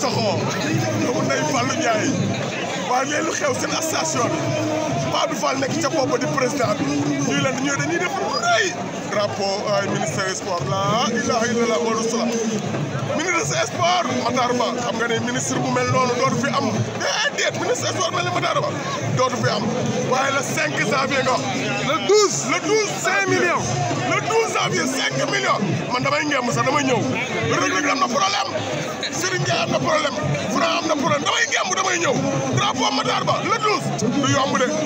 soxoo doomu nday Fallou Ndiaye waaye mais lu xew seen association bi Pape Abdou Fall nekk ca bopp di président bi ñuy leen ñëw dañuy def rëy drapeau ay ministère des sports la ilaha illallah wa rasulullah ministre des sports Matar Ba xam nga ne ministre bu mel noonu dootu fi am déedéet ministre des sports mel ni Matar Ba dootu fi am waaye le 5 janvier nga wax le 12 le 12 5 levier cinq millions man damay ngeem sax damay ñëw Reug Reug am na problème Serigne Ndiaye am na problème Franc am na problème damay ngeem damay ñëw drapeau Ba le douze du yomb de